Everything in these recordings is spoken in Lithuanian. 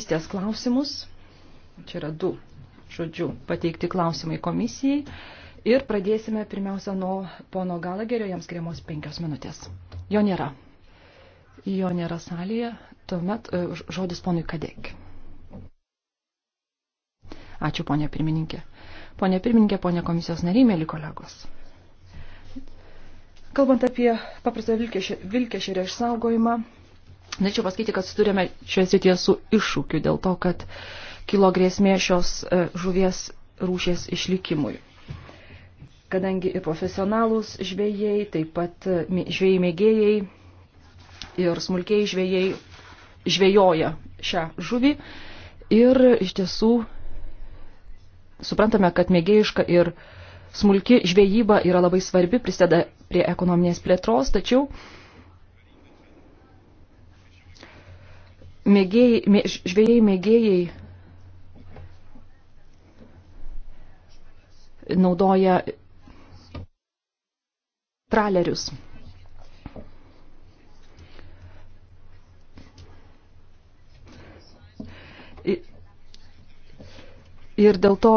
Įstės klausimus. Čia yra du žodžiu pateikti klausimai komisijai. Ir pradėsime pirmiausia nuo pono Galagerio, jam skiriamos penkios minutės. Jo nėra. Jo nėra salėje. Tuomet e, žodis ponui Kadek. Ačiū, ponė pirmininkė. Ponė pirmininkė, ponė komisijos nariai, mėly kolegos. Kalbant apie paprastą vilkešerio išsaugojimą, Norėčiau pasakyti, kad susidurėme šioje srityje su iššūkiu dėl to, kad kilo grėsmė šios e, žuvies rūšės išlikimui. Kadangi ir profesionalūs žvėjai, taip pat e, žvėjai mėgėjai ir smulkiai žvėjai žvėjoja šią žuvį. Ir iš tiesų suprantame, kad mėgėjiška ir smulki žvėjyba yra labai svarbi, prisideda prie ekonominės plėtros, tačiau uh, mėgėjai, mė, žvėjai mėgėjai naudoja tralerius. Ir dėl to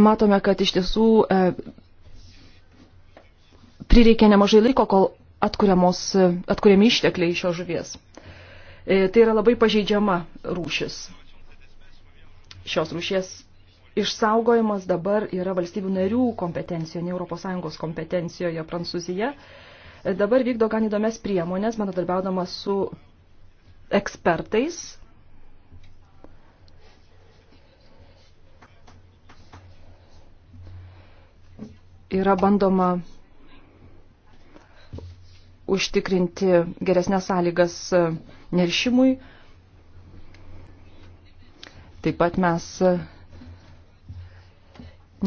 matome, kad iš tiesų e, prireikė nemažai laiko, kol e, atkuriami ištekliai iš šios žuvies. E, tai yra labai pažeidžiama rūšis. Šios rūšies išsaugojimas dabar yra valstybių narių kompetencijoje, ne ES kompetencijoje Prancūzija. E, dabar vykdo gan įdomias priemonės, bendradarbiaudama su ekspertais. Yra bandoma užtikrinti geresnės sąlygas e, neršimui. Taip pat mes e,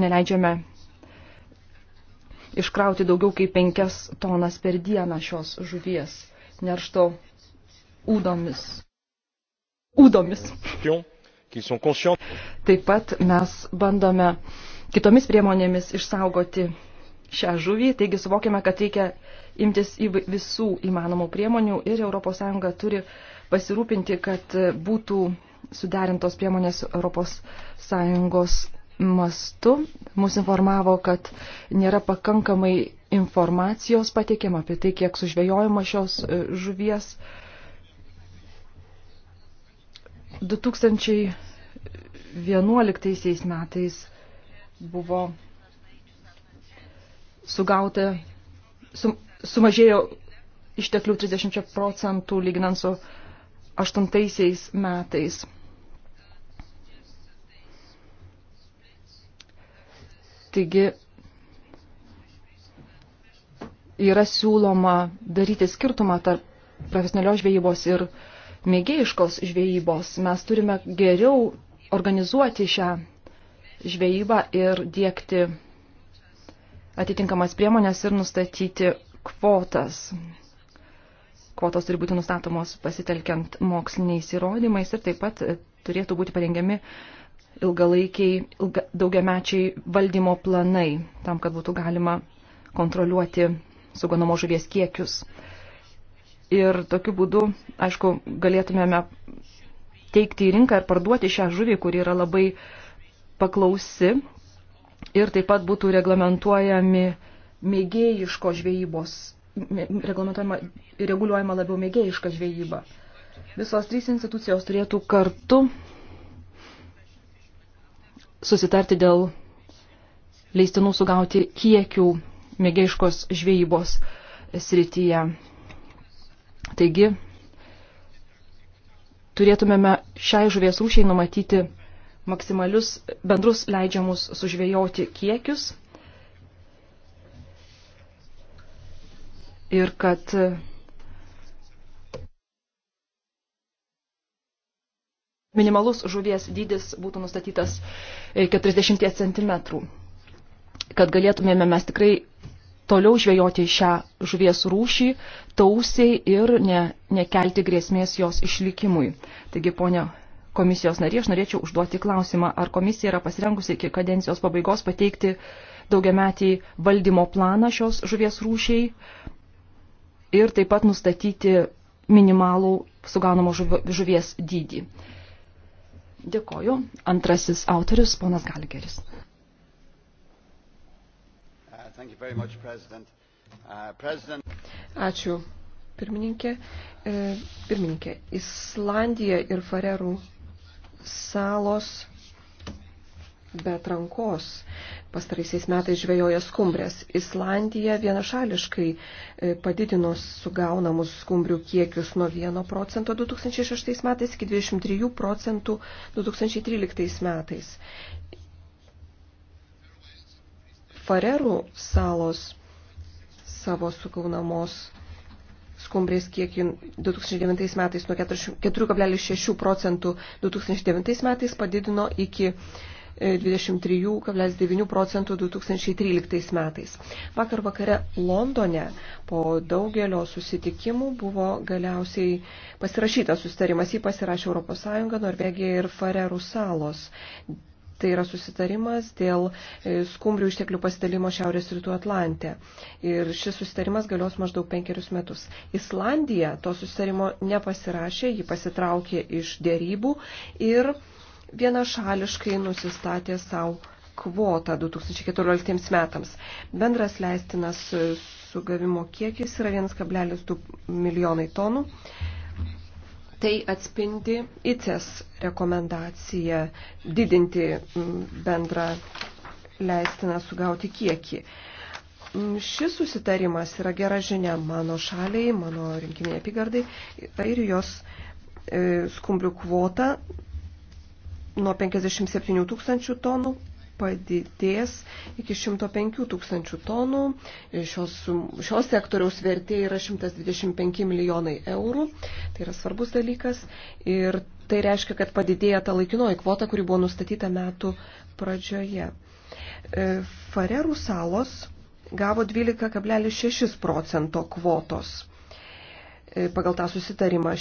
neleidžiame iškrauti daugiau kaip 5 tonas per dieną šios žuvies neršto ūdomis. Ūdomis. Taip pat mes bandome kitomis priemonėmis išsaugoti šią žuvį, taigi suvokime, kad reikia imtis visų įmanomų priemonių ir ES turi pasirūpinti, kad būtų suderintos priemonės ES mastu. Mus informavo, kad nėra pakankamai informacijos pateikiama apie tai, kiek sužvėjojama šios e, žuvies. 2011 metais buvo sugauta, su, sumažėjo išteklių 30 procentų lyginant su aštuntaisiais metais. Taigi yra siūloma daryti skirtumą tarp profesionalios žvejybos ir mėgėjiškos žvejybos. Mes turime geriau organizuoti šią žvejybą ir dėkti atitinkamas priemonės ir nustatyti kvotas. Kvotos turi būti nustatomos pasitelkiant moksliniais įrodymais ir taip pat e, turėtų būti parengiami ilgalaikiai, ilga, daugiamečiai valdymo planai, tam, kad būtų galima kontroliuoti suganamo žuvies kiekius. Ir tokiu būdu, aišku, galėtumėme teikti į rinką ir parduoti šią žuvį, kuri yra labai paklausi. Ir taip pat būtų reglamentuojami mėgėjiško žvejybos, reglamentuojama ir reguliuojama labiau mėgėjiška žvejyba. Visos trys institucijos turėtų kartu susitarti dėl leistinų sugauti kiekių mėgėjiškos žvejybos srityje. Taigi, turėtumėme šiai žuvies rūšiai numatyti maksimalius bendrus leidžiamus sužvejoti kiekius ir kad minimalus žuvies dydis būtų nustatytas 40 e, cm, kad galėtumėme mes tikrai toliau žvejoti šią žuvies rūšį tausiai ir ne, nekelti grėsmės jos išlikimui. Taigi, ponia komisijos narė, aš norėčiau užduoti klausimą, ar komisija yra pasirengusi iki kadencijos pabaigos pateikti daugiametį valdymo planą šios žuvies rūšiai, ir taip pat nustatyti minimalų sugaunamo žuvies dydį. Dėkoju. Antrasis autorius, ponas Galgeris. Uh, uh, Ačiū, pirmininkė. Uh, pirmininkė, Islandija ir Farerų salos be trankos. Pastaraisiais metais žvejoja skumbrės. Islandija vienašališkai e, padidino sugaunamus skumbrių kiekius nuo 1 procento 2006 metais iki 23 procentų 2013 metais. Farerų salos savo sugaunamos skumbrės kiekį 2009 metais nuo 4,6 procentų 2009 metais padidino iki 23,9 procentų 2013 metais. Vakar vakare Londone po daugelio susitikimų buvo galiausiai pasirašytas sustarimas. Jį pasirašė ES, Norvegija ir Farerų salos. Tai yra susitarimas dėl e, skumbrių išteklių pasidalimo Šiaurės rytų Atlantė. Ir šis susitarimas galios maždaug penkerius metus. Islandija to susitarimo nepasirašė, ji pasitraukė iš dėrybų ir vienašališkai nusistatė savo kvotą 2014 metams. Bendras leistinas sugavimo kiekis yra 1,2 milijonai tonų. Tai atspindi ICES rekomendaciją didinti bendrą leistiną sugauti kiekį. Šis susitarimas yra gera žinia mano šaliai, mano rinkiminiai apygardai ir jos e, skumbrių kvota nuo 57 tūkstančių tonų padidės iki 105 tūkstančių tonų. Šios, šios sektoriaus vertė yra 125 milijonai eurų. Tai yra svarbus dalykas. Ir tai reiškia, kad padidėja ta laikinoji kvota, kuri buvo nustatyta metų pradžioje. E, Farerų salos gavo 12,6 procento kvotos e, pagal tą susitarimą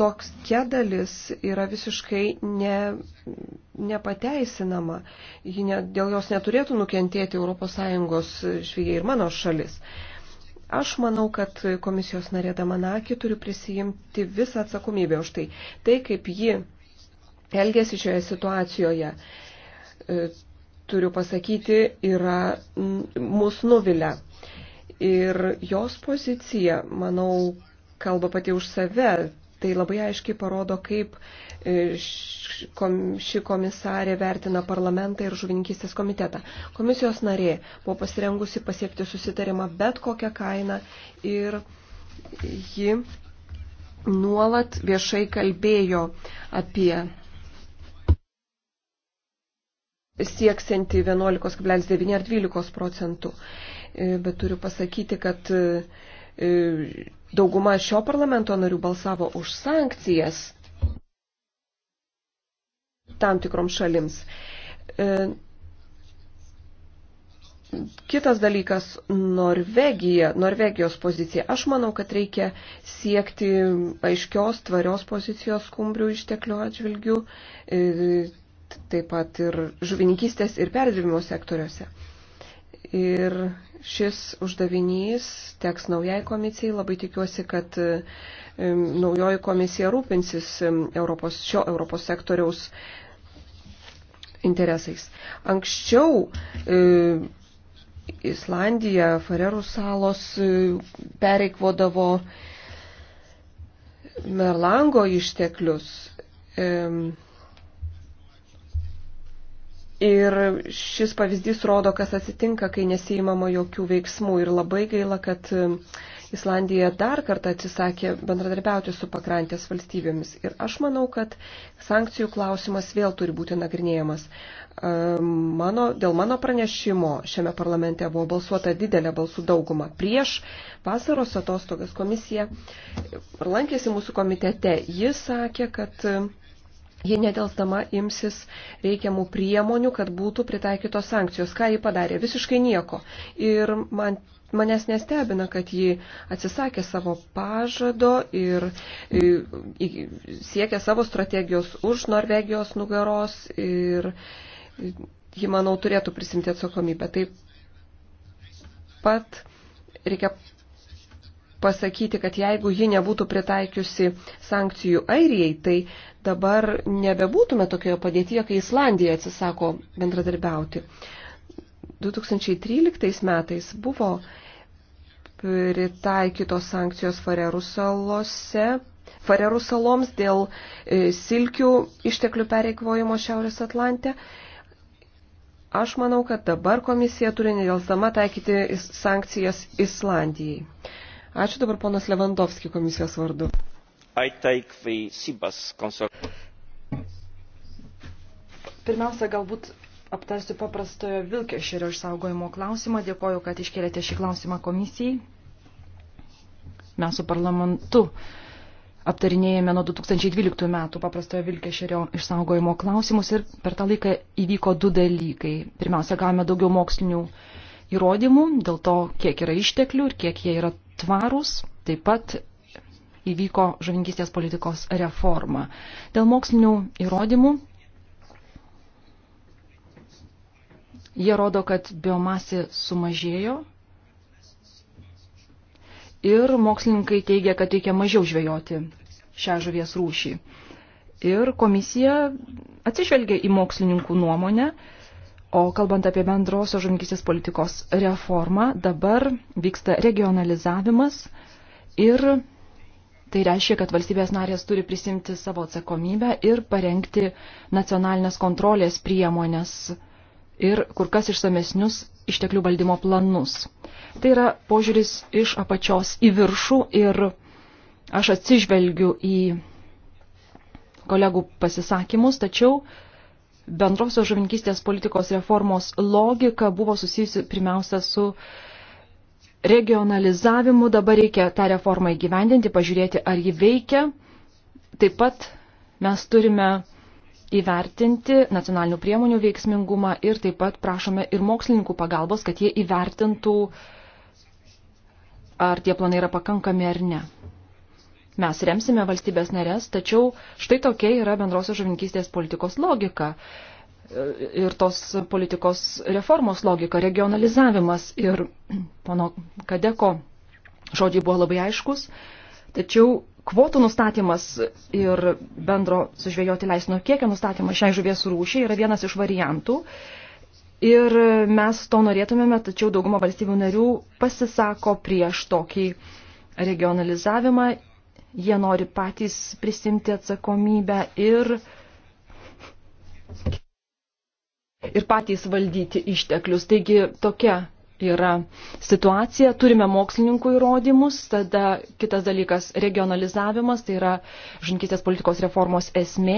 tokia dalis yra visiškai ne, nepateisinama. Ji ne, dėl jos neturėtų nukentėti ES žvėjai ir mano šalis. Aš manau, kad komisijos narė Damanaki turi prisijimti visą atsakomybę už tai. Tai, kaip ji elgėsi šioje situacijoje, e, turiu pasakyti, yra mūsų nuvilia. Ir jos pozicija, manau, kalba pati už save, Tai labai aiškiai parodo, kaip e, ši komisarė vertina parlamentą ir žuvininkystės komitetą. Komisijos narė buvo pasirengusi pasiekti susitarimą bet kokią kainą ir ji nuolat viešai kalbėjo apie sieksianti 11,9 ar 12 procentų. E, bet turiu pasakyti, kad e, dauguma šio parlamento narių balsavo už sankcijas tam tikroms šalims. E, kitas dalykas - Norvegija, Norvegijos pozicija. Aš manau, kad reikia siekti aiškios, tvarios pozicijos skumbrių išteklių atžvilgių, e, taip pat ir žuvininkystės ir perdirbimo sektoriuose. Ir šis uždavinys teks naujai komisijai. Labai tikiuosi, kad naujoji komisija rūpinsis Europos, šio Europos sektoriaus interesais. Anksčiau e, Islandija, Farerų salos e, pereikvodavo Merlango išteklius. E, Ir šis pavyzdys rodo, kas atsitinka, kai nesijimama jokių veiksmų. Ir labai gaila, kad e, Islandija dar kartą atsisakė bendradarbiauti su pakrantės valstybėmis. Ir aš manau, kad sankcijų klausimas vėl turi būti nagrinėjamas. E, mano, dėl mano pranešimo šiame parlamente buvo balsuota didelė balsų dauguma. Prieš vasaros atostogas komisija lankėsi mūsų komitete. Jis sakė, kad ji nedelsdama imsis reikiamų priemonių, kad būtų pritaikytos sankcijos. Ką ji padarė? Visiškai nieko. Ir man, manęs nestebina, kad ji atsisakė savo pažado ir, ir siekė savo strategijos už Norvegijos nugaros ir ji, manau, turėtų prisimti atsakomybę. Taip pat reikia pasakyti, kad jeigu ji nebūtų pritaikiusi sankcijų Airijai, tai dabar nebebūtume tokioje padėtyje, kai Islandija atsisako bendradarbiauti. 2013 metais buvo pritaikytos sankcijos Farerų salose. Farerų saloms dėl e, silkių išteklių pereikvojimo Šiaurės Atlante. Aš manau, kad dabar komisija turi nedėlsdama taikyti sankcijas Islandijai. Ačiū dabar ponas Levandovski komisijos vardu. Pirmiausia, galbūt aptarsiu paprastojo vilkešerio išsaugojimo klausimą. Dėkoju, kad iškėlėte šį klausimą komisijai. Mes su parlamentu aptarinėjame nuo 2012 metų paprastojo vilkešerio išsaugojimo klausimus ir per tą laiką įvyko du dalykai. Pirmiausia, gavome daugiau mokslinių įrodymų dėl to, kiek yra išteklių ir kiek jie yra tvarūs. Taip pat įvyko žuvininkystės politikos reforma. Dėl mokslinių įrodymų jie rodo, kad biomasė sumažėjo ir mokslininkai teigia, kad reikia mažiau žvejoti šią žuvies rūšį. Ir komisija atsižvelgia į mokslininkų nuomonę O kalbant apie bendrosios žuvininkystės politikos reformą, dabar vyksta regionalizavimas ir tai reiškia, kad valstybės narės turi prisimti savo atsakomybę ir parengti nacionalinės kontrolės priemonės ir kur kas išsamesnius išteklių valdymo planus. Tai yra požiūris iš apačios į viršų ir aš atsižvelgiu į kolegų pasisakymus, tačiau bendrosios žuvininkystės politikos reformos logika buvo susijusi pirmiausia su regionalizavimu. Dabar reikia tą reformą įgyvendinti, pažiūrėti, ar ji veikia. Taip pat mes turime įvertinti nacionalinių priemonių veiksmingumą ir taip pat prašome ir mokslininkų pagalbos, kad jie įvertintų, ar tie planai yra pakankami ar ne. Mes remsime valstybės narės, tačiau štai tokia yra bendrosios žuvininkystės politikos logika ir tos politikos reformos logika, regionalizavimas ir pono Kadeko žodžiai buvo labai aiškus, tačiau kvotų nustatymas ir bendro sužvėjoti leisino kiekio nustatymas šiai žuvies rūšiai yra vienas iš variantų. Ir mes to norėtumėme, tačiau dauguma valstybių narių pasisako prieš tokį regionalizavimą Jie nori patys prisimti atsakomybę ir, ir patys valdyti išteklius. Taigi tokia yra situacija, turime mokslininkų įrodymus, tada kitas dalykas - regionalizavimas, tai yra žinkistės politikos reformos esmė.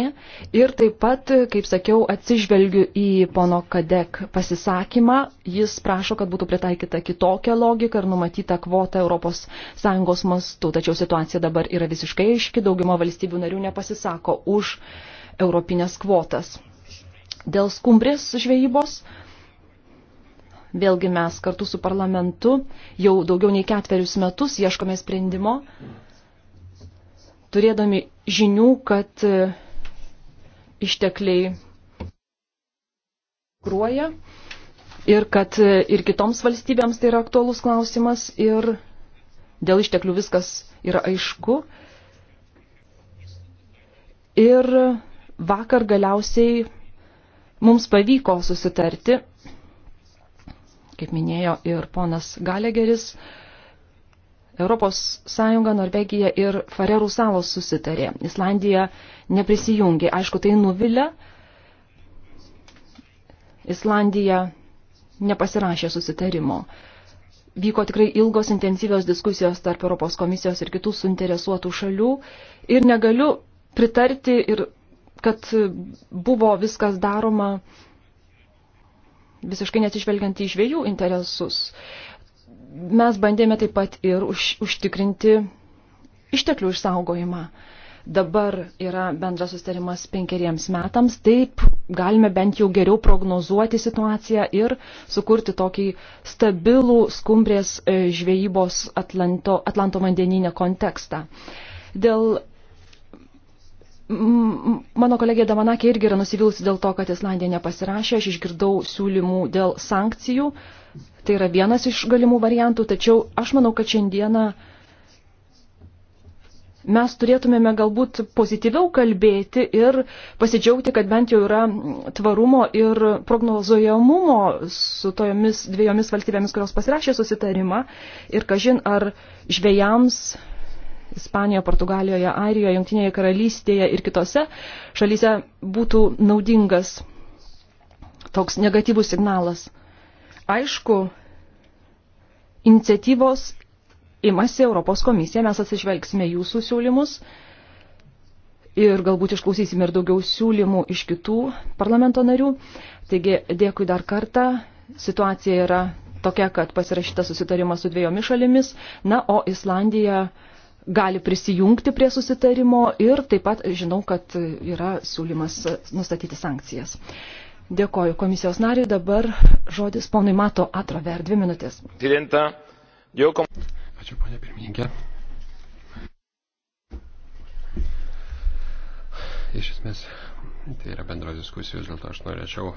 Ir taip pat, kaip sakiau, atsižvelgiu į pono Kadek pasisakymą, jis prašo, kad būtų pritaikyta kitokia logika ir numatyta kvota ES mastu, tačiau situacija dabar yra visiškai aiški, daugumo valstybių narių nepasisako už europinės kvotas. Dėl skumbrės žvejybos Vėlgi mes kartu su parlamentu jau daugiau nei ketverius metus ieškome sprendimo, turėdami žinių, kad e, ištekliai gruoja ir kad e, ir kitoms valstybėms tai yra aktuolus klausimas ir dėl išteklių viskas yra aišku. Ir vakar galiausiai mums pavyko susitarti kaip minėjo ir ponas Galegeris, ES, Norvegija ir Farerų salos susitarė. Islandija neprisijungė. Aišku, tai nuvilia. Islandija nepasirašė susitarimo. Vyko tikrai ilgos intensyvios diskusijos tarp Europos komisijos ir kitų suinteresuotų šalių ir negaliu pritarti ir kad buvo viskas daroma visiškai neatsižvelgiant į žvėjų interesus. Mes bandėme taip pat ir už, užtikrinti išteklių išsaugojimą. Dabar yra bendras sustarimas penkeriems metams, taip galime bent jau geriau prognozuoti situaciją ir sukurti tokį stabilų skumbrės e, žvejybos Atlanto, Atlanto vandeninę kontekstą. Dėl Mano kolegė Damanakė irgi yra nusivylusi dėl to, kad Islandija nepasirašė. Aš išgirdau siūlymų dėl sankcijų. Tai yra vienas iš galimų variantų, tačiau aš manau, kad šiandieną mes turėtumėme galbūt pozityviau kalbėti ir pasidžiaugti, kad bent jau yra tvarumo ir prognozuojamumo su tojomis dviejomis valstybėmis, kurios pasirašė susitarimą. Ir kažin, ar žvėjams Ispanijoje, Portugalijoje, Airijoje, Junktinėje karalystėje ir kitose šalyse būtų naudingas toks negatyvus signalas. Aišku, iniciatyvos imasi Europos komisija, mes atsižvelgsime jūsų siūlymus ir galbūt išklausysime ir daugiau siūlymų iš kitų parlamento narių. Taigi dėkui dar kartą. Situacija yra tokia, kad pasirašyta susitarimas su dviejomis šalimis, na, o Islandija gali prisijungti prie susitarimo ir taip pat žinau, kad yra siūlymas nustatyti sankcijas. Dėkoju komisijos nariai, dabar žodis ponui Mato Atrover, dvi minutės. Ačiū, ponė pirmininkė. Iš esmės, tai yra bendros diskusijos, dėl to aš norėčiau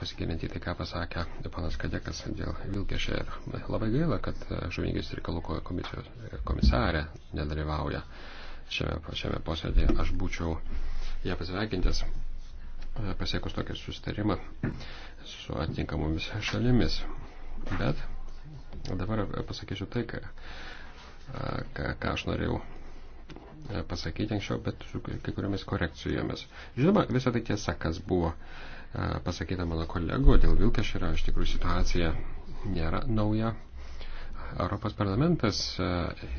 pasigilinti tai, ką pasakė panas Kadekas dėl Vilkešer. Labai gaila, kad e, žuvingės reikalų komisijos e, komisarė nedalyvauja šiame, šiame posėdėje. Aš būčiau ją pasveikintis e, pasiekus tokį susitarimą su atinkamomis šalimis. Bet dabar pasakysiu tai, ką, ką, ką aš norėjau pasakyti anksčiau, bet su kai kuriomis korekcijomis. Žinoma, visą tai tiesa, kas buvo pasakyta mano kolegų dėl Vilkešerio, iš tikrųjų situacija nėra nauja. Europos parlamentas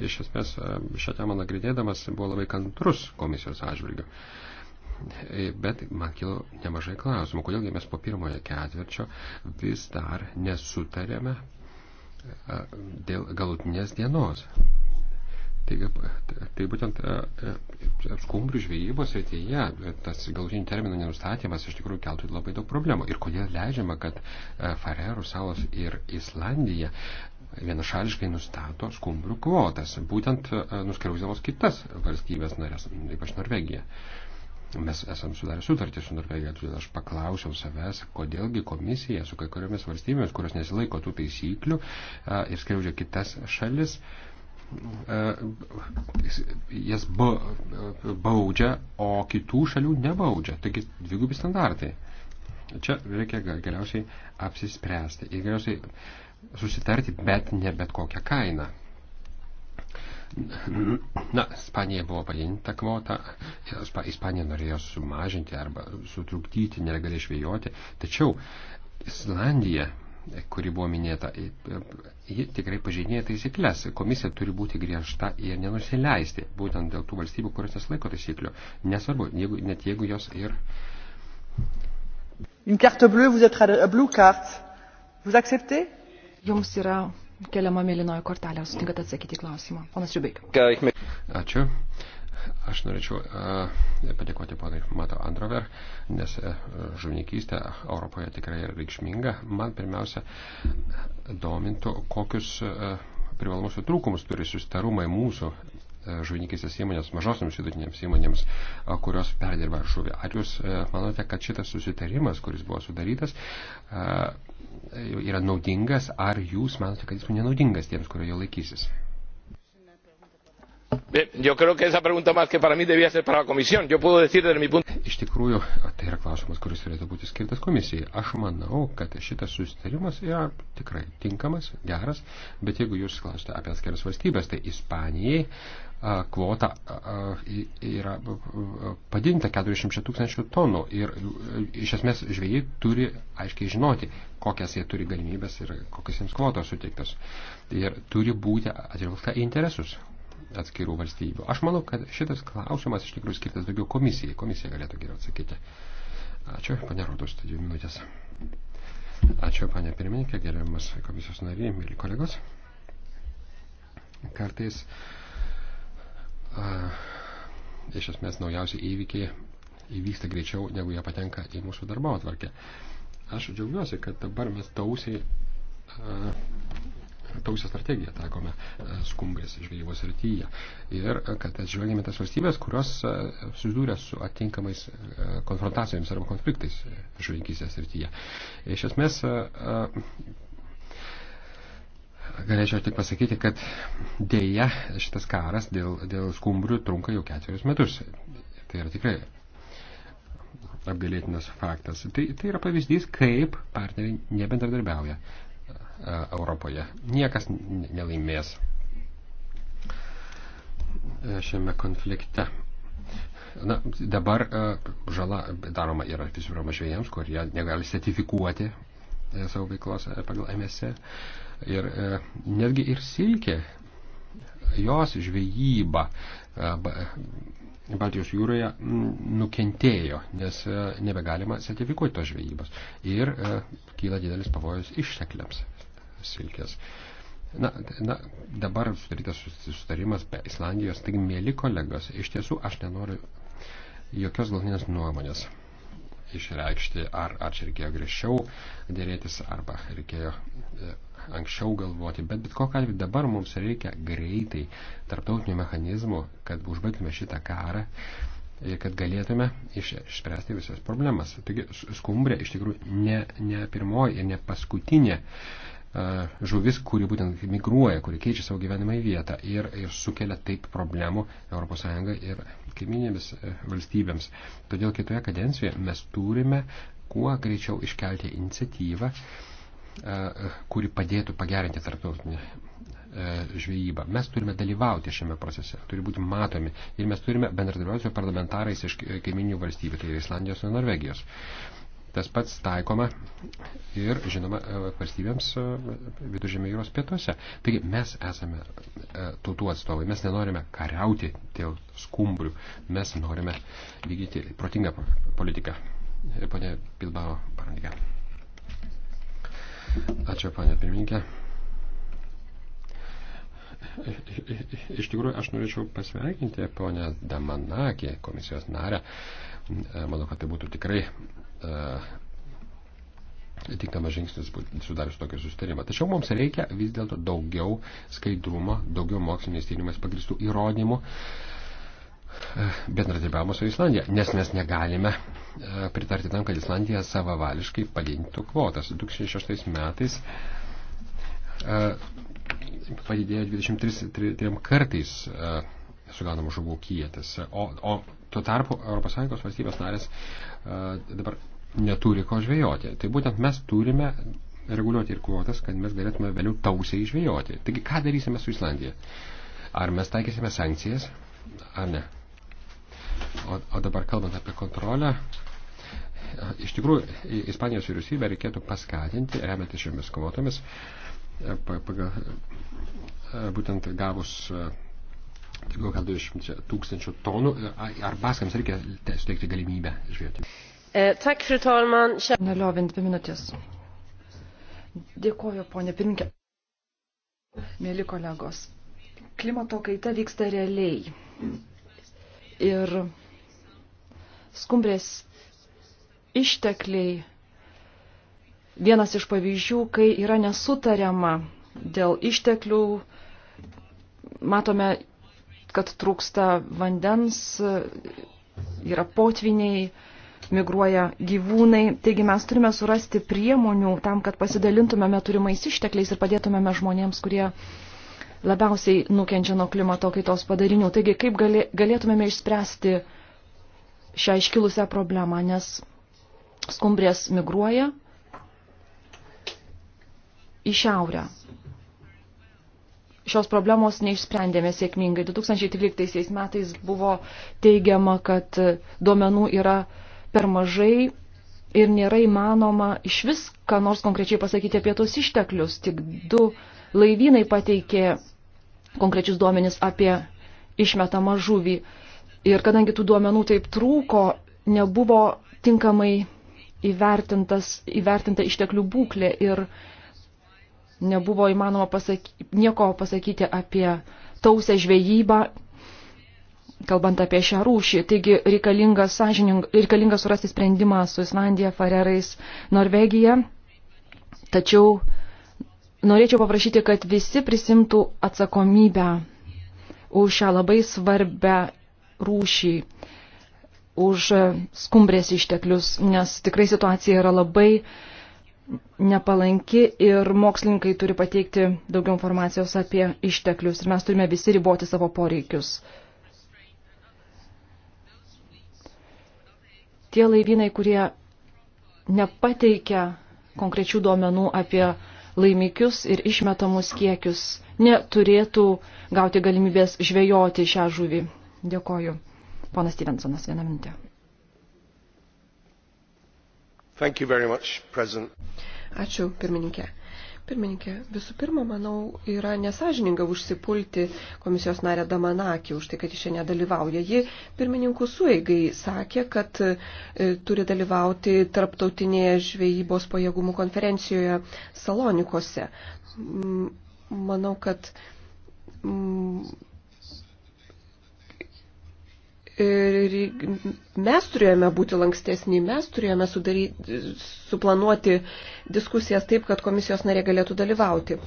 iš esmės šią temą nagrinėdamas buvo labai kantrus komisijos atžvilgiu. E, bet man kilo nemažai klausimų, kodėlgi mes po pirmojo ketvirčio vis dar nesutarėme dėl galutinės dienos. Taigi, tai būtent skumbrių žvejybos rytyje tas galutinių terminų nenustatymas iš tikrųjų keltų labai daug problemų. Ir kodėl leidžiama, kad e, Farerų salos ir Islandija vienašališkai nustato skumbrių kvotas, būtent e, nuskriausdamos kitas valstybės narės, ypač Norvegiją. Mes esam sudarę sutartį su Norvegija, todėl aš paklausiau savęs, kodėlgi komisija su kai kuriomis valstybėmis, kurios nesilaiko tų taisyklių e, ir skriaudžia kitas šalis, E, jas e, baudžia, o kitų šalių nebaudžia. Taigi dvigubi standartai. Čia reikia galiausiai apsispręsti ir galiausiai susitarti, bet ne bet kokią kainą. Na, Ispanija buvo padidinta kvota, Ispanija norėjo sumažinti arba sutrukdyti nelegaliai žvejoti, tačiau Islandija kuri buvo minėta, ji tikrai pažeidinėja taisyklės. Komisija turi būti griežta ir nenusileisti, būtent dėl tų valstybių, kurios nesilaiko taisyklių. Nesvarbu, jeigu, net jeigu jos ir. Une carte bleue, vous êtes à blue carte. Vous acceptez? Jums yra keliama mėlynoji kortelė, ar sutinkate atsakyti klausimą? Ponas Riubeik. Ačiū. Aš norėčiau uh, padėkoti ponai Mato Vancouver, nes e, žuvininkystė Europoje tikrai yra reikšminga. Man pirmiausia domintų, kokius e, privalumus ir trūkumus turi sustarumai mūsų e, žuvininkistės įmonės, mažosiams vidutinėms įmonėms, kurios perdirba žuvį. Ar jūs manote, kad šitas susitarimas, kuris buvo sudarytas, yra naudingas, ar jūs manote, kad jis nenaudingas tiems, kurie jo laikysis? Yo creo que esa pregunta más que para mí debía ser para la comisión. Yo puedo decir desde mi punto. Iš tikrųjų, tai yra klausimas, kuris turėtų būti skirtas komisijai. Aš manau, kad šitas susitarimas yra tikrai tinkamas, geras, bet jeigu jūs klausite apie atskiras valstybės, tai Ispanijai kvota yra padinta 400 tūkstančių tonų ir e, iš esmės žvėjai turi aiškiai žinoti, kokias jie turi galimybės ir kokias jiems kvotos suteiktas. Ir turi būti atvilgta į interesus atskirų valstybių. Aš manau, kad šitas klausimas iš tikrųjų skirtas daugiau komisijai. Komisija galėtų geriau atsakyti. Ačiū, panė Rodos, tai dvi minutės. Ačiū, panė pirmininkė, gerbiamas komisijos nariai, mėly kolegos. Kartais a, iš esmės naujausi įvykiai įvyksta greičiau, negu jie patenka į mūsų darbo atvarkę. Aš džiaugiuosi, kad dabar mes tausiai a, tarptautinę strategiją taikome e, skumbrės žvejybos rytyje. Ir e, kad atžvelgėme tas valstybės, kurios e, susidūrė su atinkamais konfrontacijomis arba konfliktais žvejybės rytyje. Iš esmės, galėčiau tik pasakyti, kad dėja šitas karas dėl, dėl skumbrių trunka jau ketverius metus. Tai yra tikrai apgalėtinas faktas. Tai, tai yra pavyzdys, kaip partneriai nebendradarbiauja. E, Europoje. Niekas nelaimės e, šiame konflikte. Na, dabar e, žala daroma yra visų pirma žvėjams, kurie negali sertifikuoti savo veiklos pagal MSC. Ir netgi ir silkė, jos žvejyba Baltijos jūroje mm, nukentėjo, nes e, nebegalima sertifikuoti tos žvejybos. Ir e, kyla didelis pavojus ištekliams silkės. Na, na, dabar sudarytas sustarimas be Islandijos, taigi, mėly kolegos, iš tiesų aš nenoriu jokios galutinės nuomonės išreikšti, ar, ar čia reikėjo griežčiau dėrėtis, arba reikėjo e, anksčiau galvoti, bet bet kokiu atveju dabar mums reikia greitai tarptautinių mechanizmų, kad užbaigtume šitą karą ir kad galėtume išspręsti visas problemas. Taigi skumbrė iš tikrųjų ne, ne pirmoji ir ne paskutinė žuvis, kuri būtent migruoja, kuri keičia savo gyvenamą vietą ir, ir sukelia taip problemų ES ir kaiminėmis e, valstybėms. Todėl kitoje kadencijoje mes turime kuo greičiau iškelti iniciatyvą E, kuri padėtų pagerinti tarptautinį e, žvejybą. Mes turime dalyvauti šiame procese, turi būti matomi ir mes turime bendradarbiauti su parlamentarais iš kaiminių valstybių, tai yra Islandijos ir Norvegijos. Tas pats taikoma ir, žinoma, e, valstybėms viduržėmė jūros pietuose. Taigi mes esame tautų atstovai, mes nenorime kariauti dėl skumbrių, mes norime vykdyti protingą politiką. Pone Pilbao Parandiga. Ačiū, panė pirmininkė. Iš tikrųjų, aš norėčiau pasveikinti ponę Damanakį, komisijos narę. Manau, kad tai būtų tikrai uh, e, tinkamas žingsnis sudarius tokį sustarimą. Tačiau mums reikia vis dėlto daugiau skaidrumo, daugiau moksliniais tyrimais pagristų įrodymų. Uh, bendradarbiavimo su Islandija, nes mes negalime e, pritarti tam, kad Islandija savavališkai padidintų kvotas. 2006 metais e, padidėjo 23 kartais e, sugaunamų žuvų kietis, o, o tuo tarpu ES valstybės narės dabar neturi ko žvejoti. Tai būtent mes turime reguliuoti ir kvotas, kad mes galėtume vėliau tausiai žvejoti. Taigi, ką darysime su Islandija? Ar mes taikysime sankcijas, ar ne? O, o dabar kalbant apie kontrolę, iš tikrųjų Ispanijos vyriausybę reikėtų paskatinti, remiantis šiomis kvotomis, e, pagal, e, būtent gavus e, daugiau kaip 20 tūkstančių tonų, ar baskams reikia suteikti galimybę žvėti. Tak, fru talman. Naliovint, dvi minutės. Dėkoju, ponė Pirinkė. Mėly kolegos, klimato kaita vyksta realiai ir skumbrės ištekliai vienas iš pavyzdžių, kai yra nesutariama dėl išteklių, matome, kad trūksta vandens, yra potviniai, migruoja gyvūnai. Taigi mes turime surasti priemonių tam, kad pasidalintumėme turimais ištekliais ir padėtumėme žmonėms, kurie uh, labiausiai nukenčia nuo klimato kaitos padarinių. Taigi, kaip galėtumėme išspręsti šią iškilusią problemą, nes skumbrės migruoja į šiaurę. Šios problemos neišsprendėme sėkmingai. 2013 metais buvo teigiama, kad duomenų yra per mažai ir nėra įmanoma iš vis, ką nors konkrečiai pasakyti apie tos išteklius. Tik du laivynai pateikė konkrečius duomenis apie išmetamą žuvį. Ir kadangi tų duomenų taip trūko, nebuvo tinkamai įvertinta išteklių būklė ir nebuvo įmanoma pasaky, nieko pasakyti apie tausią žvejybą, kalbant apie šią rūšį. Taigi reikalinga, sąžining, reikalinga surasti sprendimą su Islandija, Farerais, Norvegija. Tačiau norėčiau paprašyti, kad visi prisimtų atsakomybę už šią labai svarbę rūšį, už skumbrės išteklius, nes tikrai situacija yra labai nepalanki ir mokslininkai turi pateikti daugiau informacijos apie išteklius ir mes turime visi riboti savo poreikius. Tie laivynai, kurie nepateikia konkrečių duomenų apie laimikius ir išmetamus kiekius, neturėtų gauti galimybės žvejoti šią žuvį. Dėkoju. Ponas Stevensonas, vieną minutę. Ačiū, pirmininkė. Pirmininkė, visų pirma, manau, yra nesažininga užsipulti komisijos narę Damanakį už tai, kad ji šiandien dalyvauja. Ji pirmininkų sueigai sakė, kad e, turi dalyvauti tarptautinėje žvejybos pajėgumų konferencijoje Salonikose. Manau, kad m, Ir mes turėjome būti lankstesni, mes turėjome sudaryti, suplanuoti diskusijas taip, kad komisijos narė galėtų dalyvauti.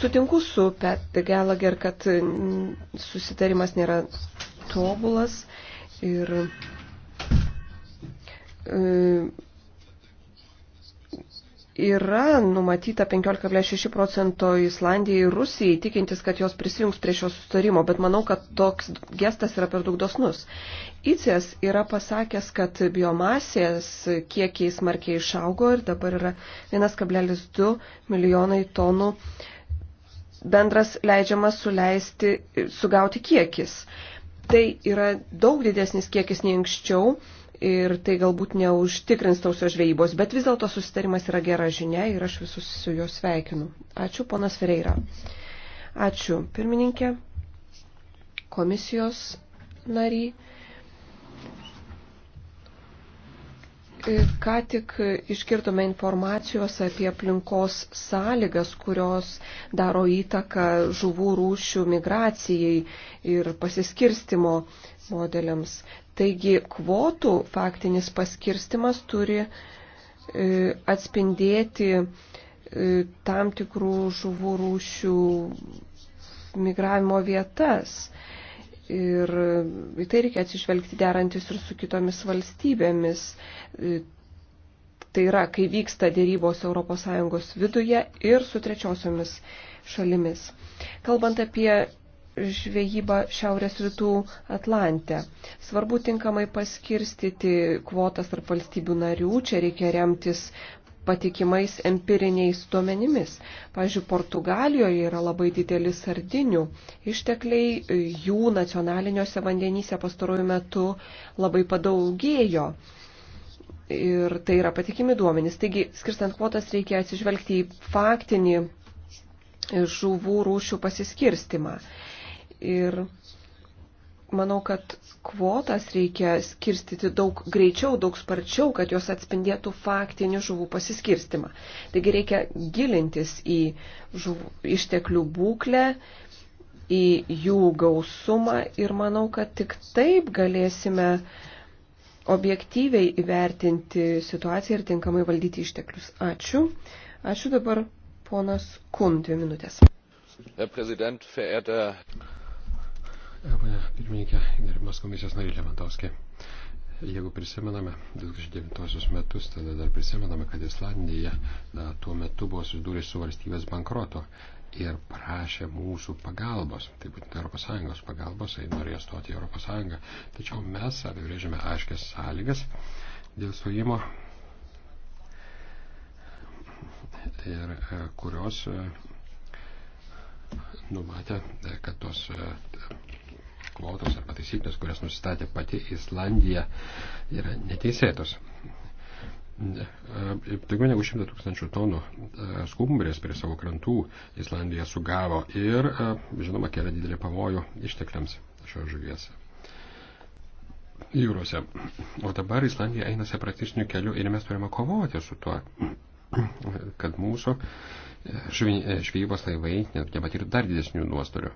Sutinku su Pet Gallagher, kad susitarimas nėra tobulas ir e, yra numatyta 15,6 procento Islandijai ir Rusijai, tikintis, kad jos prisijungs prie šio sustarimo, bet manau, kad toks gestas yra per daug dosnus. ICES yra pasakęs, kad biomasės kiekiai smarkiai išaugo ir dabar yra 1,2 milijonai tonų bendras leidžiamas suleisti, sugauti kiekis. Tai yra daug didesnis kiekis nei anksčiau ir tai galbūt neužtikrins tausios žvejybos, bet vis dėlto susitarimas yra gera žinia ir aš visus su juo sveikinu. Ačiū, ponas Fereira. Ačiū, pirmininkė, komisijos nariai. Ką tik iškirtume informacijos apie aplinkos sąlygas, kurios daro įtaką žuvų rūšių migracijai ir pasiskirstimo modeliams. Taigi kvotų faktinis paskirstimas turi e, atspindėti e, tam tikrų žuvų rūšių migravimo vietas. Ir į tai reikia atsižvelgti derantis ir su kitomis valstybėmis. E, tai yra, kai vyksta dėrybos ES viduje ir su trečiosiomis šalimis. Kalbant apie žvejybą Šiaurės rytų Atlante. Svarbu tinkamai paskirstyti kvotas tarp valstybių narių, čia reikia remtis patikimais empiriniais duomenimis. Pavyzdžiui, Portugalijoje yra labai didelis sardinių ištekliai, jų nacionaliniuose vandenyse pastaruoju metu labai padaugėjo. Ir tai yra patikimi duomenys. Taigi, skirstant kvotas, reikia atsižvelgti į faktinį žuvų rūšių pasiskirstimą. Ir manau, kad kvotas reikia skirstyti daug greičiau, daug sparčiau, kad jos atspindėtų faktinį žuvų pasiskirstimą. Taigi reikia gilintis į žuvų išteklių būklę, į jų gausumą ir manau, kad tik taip galėsime objektyviai įvertinti situaciją ir tinkamai valdyti išteklius. Ačiū. Ačiū dabar ponas Kun, dvi minutės. Herr Präsident, verehrter Pane pirmininkė, gerbimas komisijos nariai Levantovskiai. Jeigu prisimename 2009 metus, tada dar prisimename, kad Islandija da, tuo metu buvo susidūrė su valstybės bankroto ir prašė mūsų pagalbos, tai būtent ES pagalbos, jie norėjo stoti į ES. Tačiau mes apibrėžėme aiškias sąlygas dėl stojimo, ir e, kurios e, numatę, e, kad tos e, kvotos arba taisyklės, kurias nusistatė pati Islandija, yra neteisėtos. E, daugiau negu 100 tūkstančių tonų skumbrės prie savo krantų Islandija sugavo ir, žinoma, kelia didelį pavojų ištekliams šios žuvies jūrose. O dabar Islandija eina separatistiniu keliu ir mes turime kovoti su tuo, kad mūsų uh, žvejybos e, laivai nepatirtų dar didesnių nuostolių.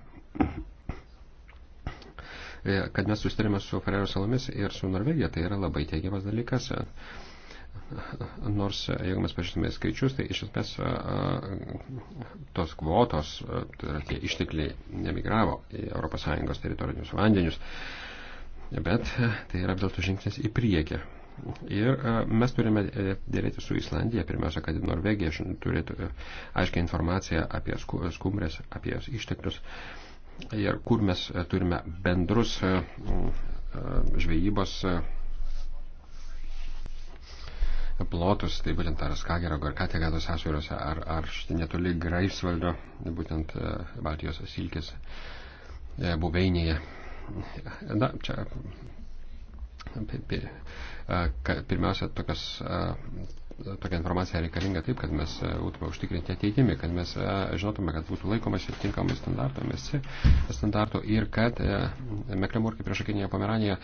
E, kad mes susitarėme su Ferrero salomis ir su Norvegija, tai yra labai teigiamas dalykas. Nors, e, jeigu mes pažiūrėtume skaičius, tai iš esmės tos kvotos, tai yra tie ištekliai, nemigravo į ES teritorinius vandenius, bet tai yra vis dėlto žingsnis į priekį. Ir e, mes turime e, dėrėti su Islandija, pirmiausia, kad Norvegija turėtų e, aiškiai informaciją apie skumbrės, apie jos išteklius ir kur mes turime bendrus žvejybos plotus, tai būtent ar Skagero, ar Kategato sąsiauriuose, ar, ar štai netoli Graisvaldo, būtent Baltijos silkės buveinėje. Na, čia Pirmiausia, tokios, tokia informacija reikalinga taip, kad mes būtume užtikrinti ateitimi, kad mes žinotume, kad būtų laikomasi tinkamų standartų, MSC standartų ir kad Meklemurkė priešakinėje Pomeranėje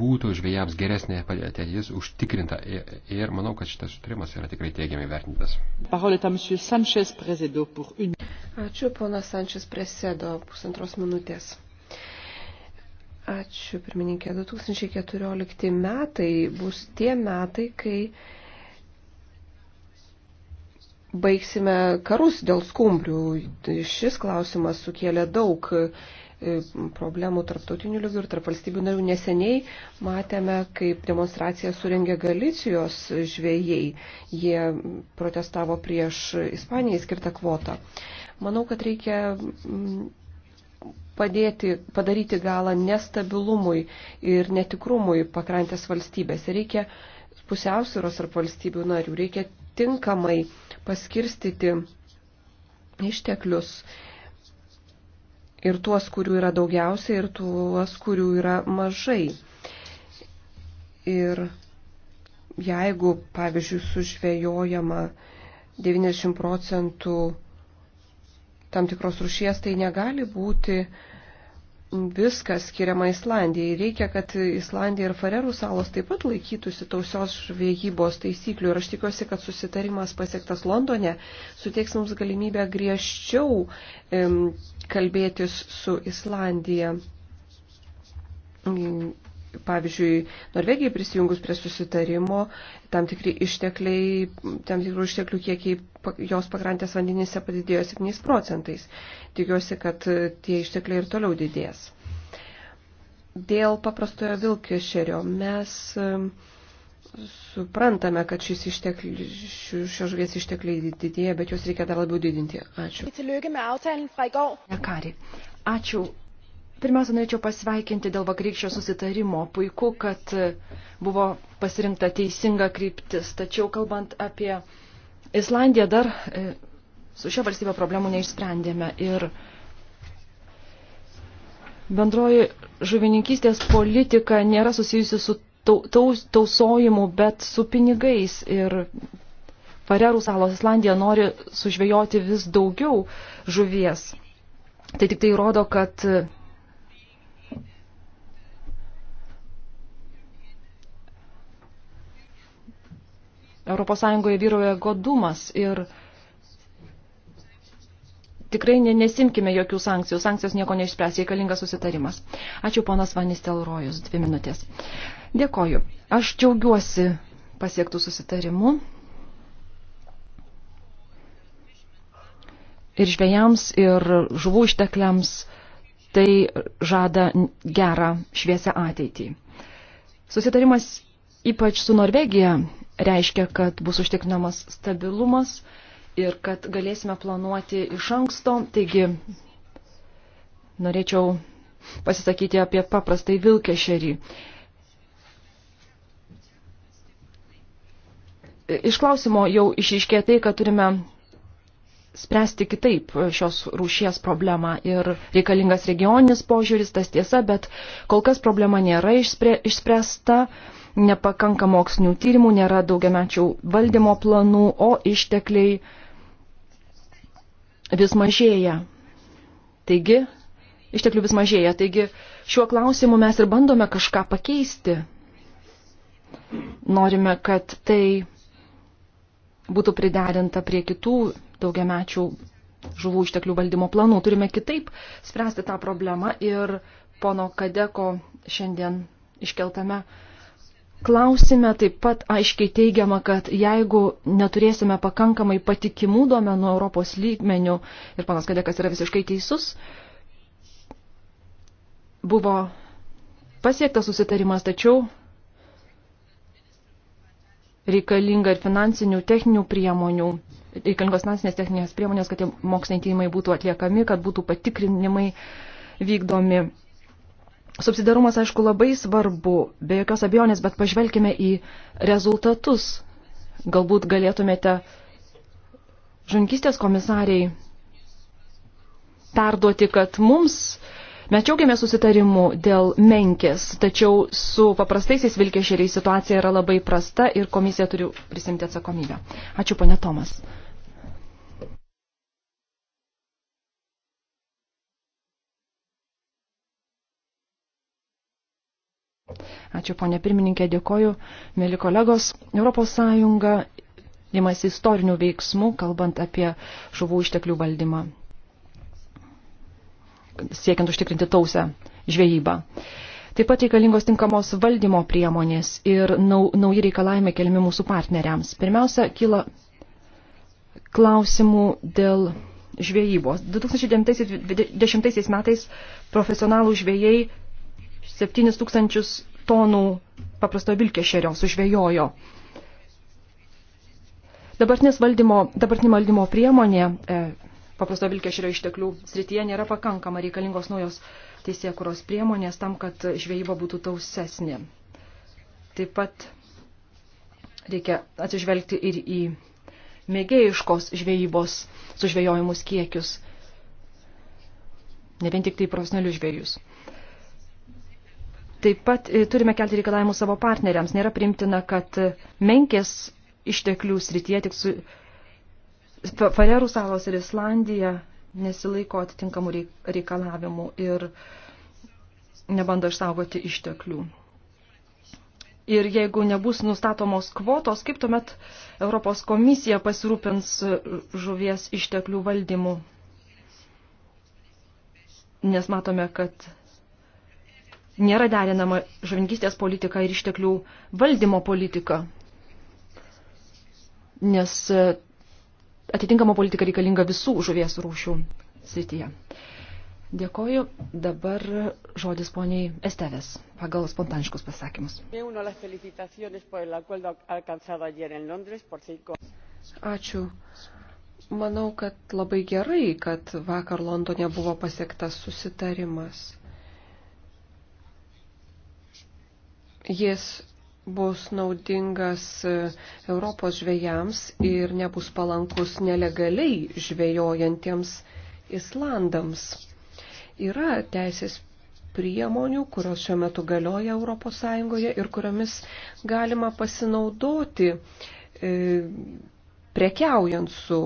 būtų žvėjams geresnė ateitis užtikrinta. Ir manau, kad šitas sutarimas yra tikrai teigiamai vertintas. Ačiū, ponas Sančias Presedo, pusantros minutės. Ačiū, pirmininkė. 2014 metai bus tie metai, kai baigsime karus dėl skumbrių. Šis klausimas sukėlė daug e, problemų tarptautinių lygių ir tarp valstybių narių. Neseniai matėme, kaip demonstraciją surengė Galicijos žvėjai. Jie protestavo prieš Ispanijai skirtą kvotą. Manau, kad reikia padėti, padaryti galą nestabilumui ir netikrumui pakrantės valstybėse. Reikia pusiausvyros ar valstybių narių, reikia tinkamai paskirstyti išteklius ir tuos, kurių yra daugiausia, ir tuos, kurių yra mažai. Ir jeigu, pavyzdžiui, sužvėjojama 90 procentų tam tikros rušies, tai negali būti viskas skiriama Islandijai. Reikia, kad Islandija ir Farerų salos taip pat laikytųsi tausios žvėjybos taisyklių. Ir aš tikiuosi, kad susitarimas pasiektas Londone suteiks mums galimybę griežčiau um, kalbėtis su Islandija. Um, pavyzdžiui, Norvegijai prisijungus prie susitarimo, tam tikri ištekliai, tam tikrų išteklių kiekiai jos pakrantės vandenyse padidėjo 7 procentais. Tikiuosi, kad e, tie ištekliai ir toliau didės. Dėl paprastojo vilkešerio mes e, suprantame, kad šis ištekli, šios žuvies ištekliai didėja, bet juos reikia dar labiau didinti. Ačiū. Ačiū Pirmiausia, norėčiau pasveikinti dėl vakarykščio susitarimo. Puiku, kad buvo pasirinkta teisinga kryptis. Tačiau kalbant apie Islandiją, dar e, su šia valstybė problemų neišsprendėme. Ir bendroji žuvininkystės politika nėra susijusi su taus, tausojimu, bet su pinigais. Ir Farerų salos Islandija nori sužvejoti vis daugiau žuvies. Tai tik tai rodo, kad ES vyroja godumas ir tikrai nesimkime jokių sankcijų. Sankcijos nieko neišspręs, reikalingas susitarimas. Ačiū ponas Vanistel Rojus, dvi minutės. Dėkoju. Aš džiaugiuosi pasiektų susitarimu. Ir žvėjams, ir žuvų ištekliams tai žada gerą šviesią ateitį. Susitarimas ypač su Norvegija reiškia, kad bus užtikrinamas stabilumas ir kad galėsime planuoti iš anksto. Taigi, norėčiau pasisakyti apie paprastai vilkešerį. Iš klausimo jau išiškė tai, kad turime spręsti kitaip šios rūšies problemą ir reikalingas regioninis požiūris, tas tiesa, bet kol kas problema nėra išspręsta nepakanka mokslinių tyrimų, nėra daugiamečių valdymo planų, o ištekliai vis mažėja. Taigi, išteklių vis mažėja. Taigi, šiuo klausimu mes ir bandome kažką pakeisti. Norime, kad tai būtų priderinta prie kitų daugiamečių žuvų išteklių valdymo planų. Turime kitaip spręsti tą problemą ir pono Kadeko šiandien iškeltame Klausime taip pat aiškiai teigiama, kad jeigu neturėsime pakankamai patikimų duomenų Europos lygmenių, ir panas Kadekas yra visiškai teisus, buvo pasiektas susitarimas, tačiau reikalinga ir finansinių, techninių priemonių, reikalingos finansinės techninės priemonės, kad tie moksliniai tyrimai būtų atliekami, kad būtų patikrinimai vykdomi Subsidarumas, aišku, labai svarbu, be jokios abejonės, bet pažvelkime į rezultatus. Galbūt galėtumėte žunkistės komisariai perduoti, kad mums mes džiaugiame susitarimu dėl menkės, tačiau su paprastaisiais vilkešeriais situacija yra labai prasta ir komisija turi prisimti atsakomybę. Ačiū, ponė Tomas. Ačiū, ponė pirmininkė, dėkoju. Mėly kolegos, ES imasi istorinių veiksmų, kalbant apie žuvų išteklių valdymą, siekiant užtikrinti tausią žvejybą. Taip pat reikalingos tinkamos valdymo priemonės ir nau, nauji reikalavimai keliami mūsų partneriams. Pirmiausia, kyla klausimų dėl žvejybos. 2010 metais profesionalų žvėjai 7 tūkstančius tonų paprasto vilkešerio sužvejojo. Dabartinės valdymo, dabartinė valdymo priemonė e, paprasto vilkešerio išteklių srityje nėra pakankama reikalingos naujos teisėkuros priemonės tam, kad žvejyba būtų tausesnė. Taip pat reikia atsižvelgti ir į mėgėjiškos žvejybos sužvejojimus kiekius, ne vien tik tai profesionalius žvėjus. Taip pat e, turime kelti reikalavimus savo partneriams. Nėra primtina, kad e, menkės išteklių srityje tik su Farerų salos ir Islandija nesilaiko atitinkamų reikalavimų ir nebando išsaugoti išteklių. Ir jeigu nebus nustatomos kvotos, kaip tuomet Europos komisija pasirūpins e, žuvies išteklių valdymu? Nes matome, kad nėra derinama žuvininkystės politika ir išteklių valdymo politika, nes e, atitinkama politika reikalinga visų žuvies rūšių srityje. Dėkoju. Dabar žodis poniai Estevės pagal spontaniškus pasakymus. Ačiū. Manau, kad labai gerai, kad vakar Londone buvo pasiektas susitarimas. Jis bus naudingas e, Europos žvėjams ir nebus palankus nelegaliai žvėjojantiems Islandams. Yra teisės priemonių, kurios šiuo metu galioja ES ir kuriomis galima pasinaudoti e, prekiaujant su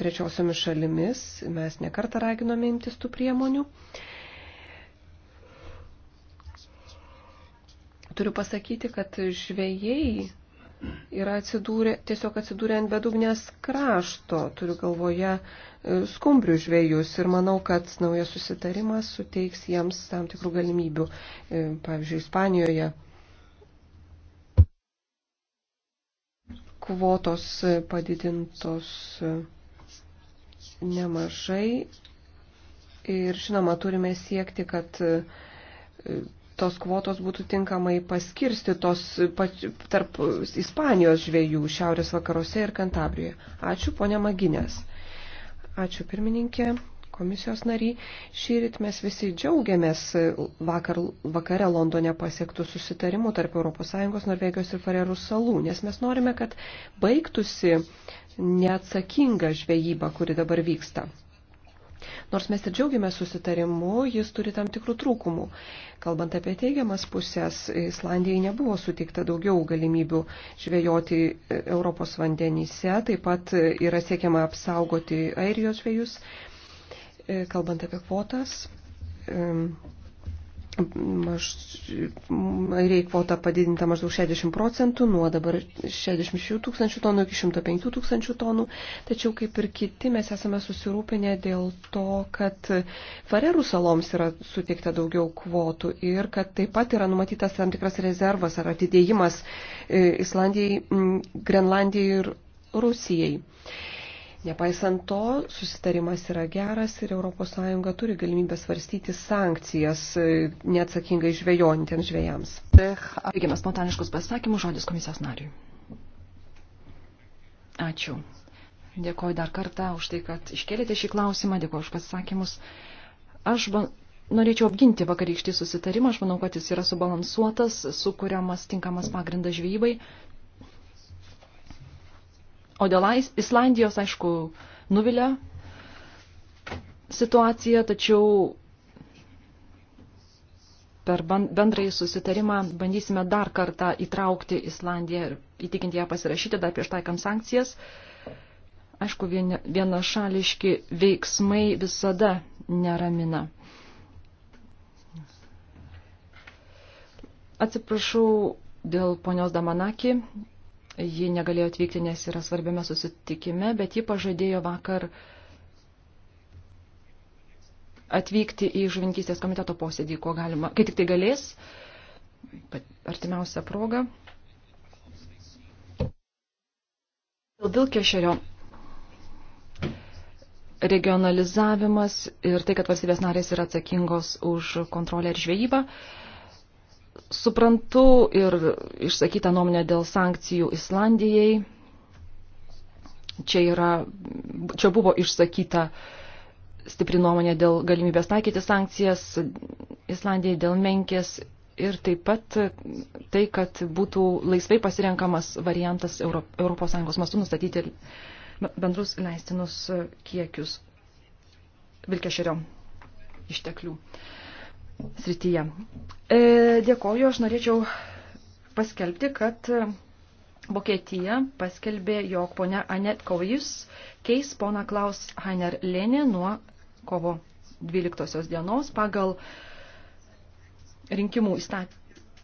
trečiosiomis šalimis. Mes nekartą raginome imtis tų priemonių. E, Turiu pasakyti, kad žvėjai yra atsidūrę, tiesiog atsidūrę ant bedugnės krašto, turiu galvoje e, skumbrių žvėjus ir manau, kad naujas susitarimas suteiks jiems tam tikrų galimybių, e, pavyzdžiui, Ispanijoje. Kvotos padidintos nemažai ir žinoma turime siekti, kad e, tos kvotos būtų tinkamai paskirstytos tarp Ispanijos žvėjų šiaurės vakaruose ir Kantabrijoje. Ačiū, ponia Maginės. Ačiū, pirmininkė, komisijos nariai. Šįryt mes visi džiaugiamės vakar, vakare Londone pasiektų susitarimų tarp ES, Norvegijos ir Farerų salų, nes mes norime, kad baigtųsi neatsakinga žvejyba, kuri dabar vyksta. Nors mes ir džiaugiamės susitarimu, jis turi tam tikrų trūkumų. Kalbant apie teigiamas pusės, Islandijai nebuvo suteikta daugiau galimybių žvejoti e, Europos vandenyse, taip pat e, yra siekiama apsaugoti airijos žvėjus. E, kalbant apie kvotas, maž, airiai kvota padidinta maždaug 60 procentų, nuo dabar 66 tūkstančių tonų iki 105 tūkstančių tonų. Tačiau kaip ir kiti mes esame susirūpinę dėl to, kad Farerų saloms yra suteikta daugiau kvotų ir kad taip pat yra numatytas tam tikras rezervas ar atidėjimas e, Islandijai, Grenlandijai ir Rusijai. Nepaisant to, susitarimas yra geras ir ES turi galimybę svarstyti sankcijas e, neatsakingai žvejojantiems žvėjams. Baigiamas spontaniškus pasakymus žodis komisijos nariui. Ačiū. Dėkoju dar kartą už tai, kad iškėlėte šį klausimą, dėkoju už pasisakymus. Aš norėčiau apginti vakarykštį susitarimą, aš manau, kad jis yra subalansuotas, sukūriamas tinkamas pagrindas žvejybai O dėl Islandijos, aišku, nuvilia situacija, tačiau per bendrąjį susitarimą bandysime dar kartą įtraukti Islandiją ir įtikinti ją pasirašyti dar prieš taikant sankcijas. Aišku, vienašališki veiksmai visada neramina. Atsiprašau dėl ponios Damanaki Ji negalėjo atvykti, nes yra svarbiame susitikime, bet ji pažadėjo vakar atvykti į žuvinkystės komiteto posėdį, ko galima, kai tik tai galės, artimiausia proga. Dėl kešerio regionalizavimas ir tai, kad valstybės narės yra atsakingos už kontrolę ir žvejybą, suprantu ir išsakytą nuomonę dėl sankcijų Islandijai. Čia, yra, čia buvo išsakyta stipri nuomonė dėl galimybės taikyti sankcijas Islandijai dėl menkės ir taip pat tai, kad būtų laisvai pasirenkamas variantas ES mastu nustatyti bendrus leistinus kiekius Vilkešerio išteklių. Uh, srityje. E, dėkoju, aš norėčiau paskelbti, kad Vokietija paskelbė, jog ponia Anet Kaujus keis pona Klaus Heiner Lenė nuo kovo 12 dienos pagal rinkimų įstatymą